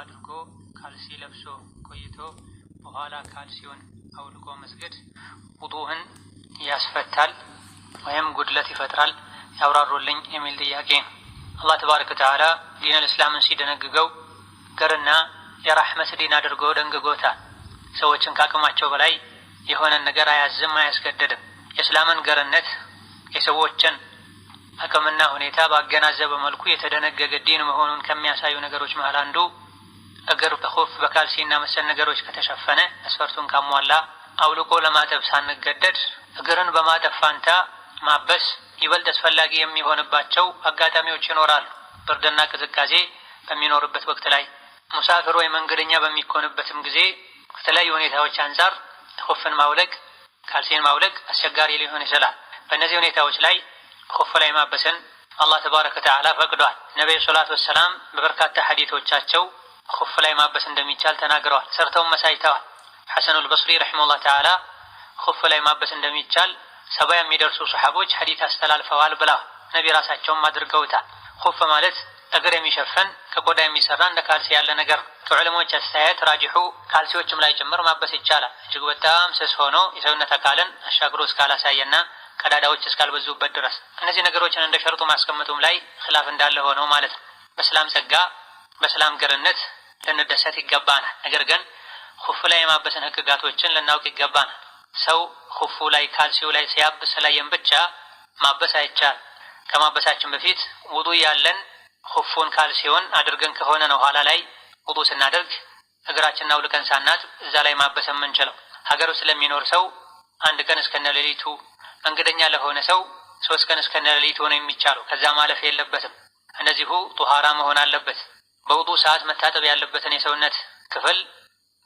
አድርጎ ካልሲ ለብሶ ቆይቶ በኋላ ካልሲውን አውልቆ መስገድ ውጡህን ያስፈታል ወይም ጉድለት ይፈጥራል ያብራሩልኝ የሚል ጥያቄ ነው። አላህ ተባረከ ወተዓላ ዲነል እስላምን ሲደነግገው ገርና የራህመት ዲን አድርጎ ደንግጎታል። ሰዎችን ከአቅማቸው በላይ የሆነን ነገር አያዝም፣ አያስገደድም። የእስላምን ገርነት የሰዎችን አቅምና ሁኔታ ባገናዘበ መልኩ የተደነገገ ዲን መሆኑን ከሚያሳዩ ነገሮች መሀል አንዱ እግር በኹፍ በካልሲና መሰል ነገሮች ከተሸፈነ መስፈርቱን ካሟላ አውልቆ ለማጠብ ሳንገደድ እግርን በማጠብ ፋንታ ማበስ ይበልጥ አስፈላጊ የሚሆንባቸው አጋጣሚዎች ይኖራሉ። ብርድና ቅዝቃዜ በሚኖርበት ወቅት ላይ ሙሳፍር ወይ መንገደኛ በሚኮንበትም ጊዜ ከተለያዩ ሁኔታዎች አንጻር ኹፍን ማውለቅ፣ ካልሲን ማውለቅ አስቸጋሪ ሊሆን ይችላል። በእነዚህ ሁኔታዎች ላይ ኹፍ ላይ ማበስን አላህ ተባረከ ወተዓላ ፈቅዷል። ነቢዩ ሰላቱ ወሰላም በበርካታ ሐዲቶቻቸው ኩፍ ላይ ማበስ እንደሚቻል ተናግረዋል። ሰርተውም መሳይተዋል። ሐሰኑል በስሪ ረሒመሁላህ ተዓላ ኩፍ ላይ ማበስ እንደሚቻል ሰባ የሚደርሱ ሰሓቦች ሐዲት አስተላልፈዋል ብለዋል። ነቢ ራሳቸውም አድርገውታል። ኩፍ ማለት እግር የሚሸፍን ከቆዳ የሚሰራ እንደ ካልሲ ያለ ነገር ነው። ከዑለሞች አስተያየት ራጅሑ ካልሲዎችም ላይ ጭምር ማበስ ይቻላል። እጅግ በጣም ስስ ሆኖ የሰውነት አካልን አሻግሮ እስካላሳየና ቀዳዳዎች እስካልበዙበት ድረስ እነዚህ ነገሮችን እንደ ሸርጡ ማስቀመጡም ላይ ኽላፍ እንዳለ ሆነው ማለት ነው። በሰላም ጸጋ በሰላም ገርነት ልንደሰት ይገባናል። ነገር ግን ሁፉ ላይ የማበስን ህግጋቶችን ልናውቅ ይገባናል። ሰው ሁፉ ላይ ካልሲው ላይ ሲያብስ ስላየን ብቻ ማበስ አይቻል። ከማበሳችን በፊት ውጡ ያለን ሁፉን ካልሲውን አድርገን ከሆነ ነው ኋላ ላይ ውጡ ስናደርግ እግራችንና አውልቀን ሳናት እዛ ላይ ማበስ የምንችለው። ሀገር ውስጥ ለሚኖር ሰው አንድ ቀን እስከነሌሊቱ፣ እንግደኛ ለሆነ ሰው ሶስት ቀን እስከነሌሊቱ ነው የሚቻለው። ከዛ ማለፍ የለበትም። እንደዚሁ ጡሃራ መሆን አለበት። በውጡ ሰዓት መታጠብ ያለበትን የሰውነት ክፍል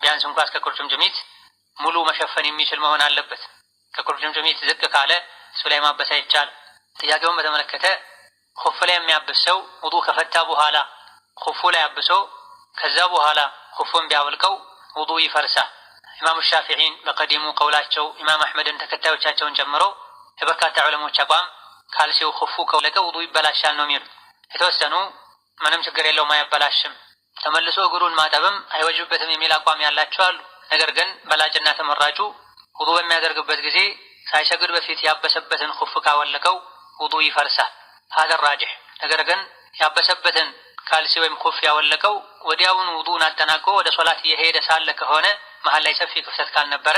ቢያንስ እንኳ እስከ ቁርጭምጭሚት ሙሉ መሸፈን የሚችል መሆን አለበት። ከቁርጭምጭሚት ዝቅ ካለ እሱ ላይ ማበስ አይቻል። ጥያቄውን በተመለከተ ኮፍ ላይ የሚያብስ ሰው ውጡ ከፈታ በኋላ ኮፉ ላይ አብሶ ከዛ በኋላ ኮፉን ቢያወልቀው ውጡ ይፈርሳል። ኢማሙ ሻፊዒን በቀዲሙ ቀውላቸው ኢማም አሕመድን ተከታዮቻቸውን ጨምሮ የበርካታ ዑለሞች አቋም ካልሲው ኮፉ ከወለቀ ውጡ ይበላሻል ነው የሚሉት የተወሰኑ ምንም ችግር የለውም፣ አያበላሽም። ተመልሶ እግሩን ማጠብም አይወጅብበትም የሚል አቋም ያላቸው አሉ። ነገር ግን በላጭና ተመራጩ ውጡ በሚያደርግበት ጊዜ ሳይሰግድ በፊት ያበሰበትን ኩፍ ካወለቀው ውጡ ይፈርሳል። ሀዘ ራጅሕ። ነገር ግን ያበሰበትን ካልሲ ወይም ኩፍ ያወለቀው ወዲያውን ውጡን አጠናቆ ወደ ሶላት እየሄደ ሳለ ከሆነ መሀል ላይ ሰፊ ክፍተት ካልነበረ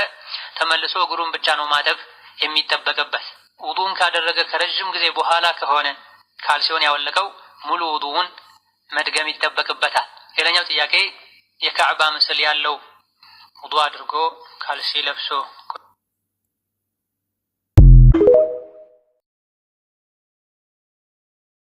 ተመልሶ እግሩን ብቻ ነው ማጠብ የሚጠበቅበት። ውጡን ካደረገ ከረዥም ጊዜ በኋላ ከሆነ ካልሲውን ያወለቀው ሙሉ ውጡውን መድገም ይጠበቅበታል። ሌላኛው ጥያቄ የካዕባ ምስል ያለው ውዱ አድርጎ ካልሲ ለብሶ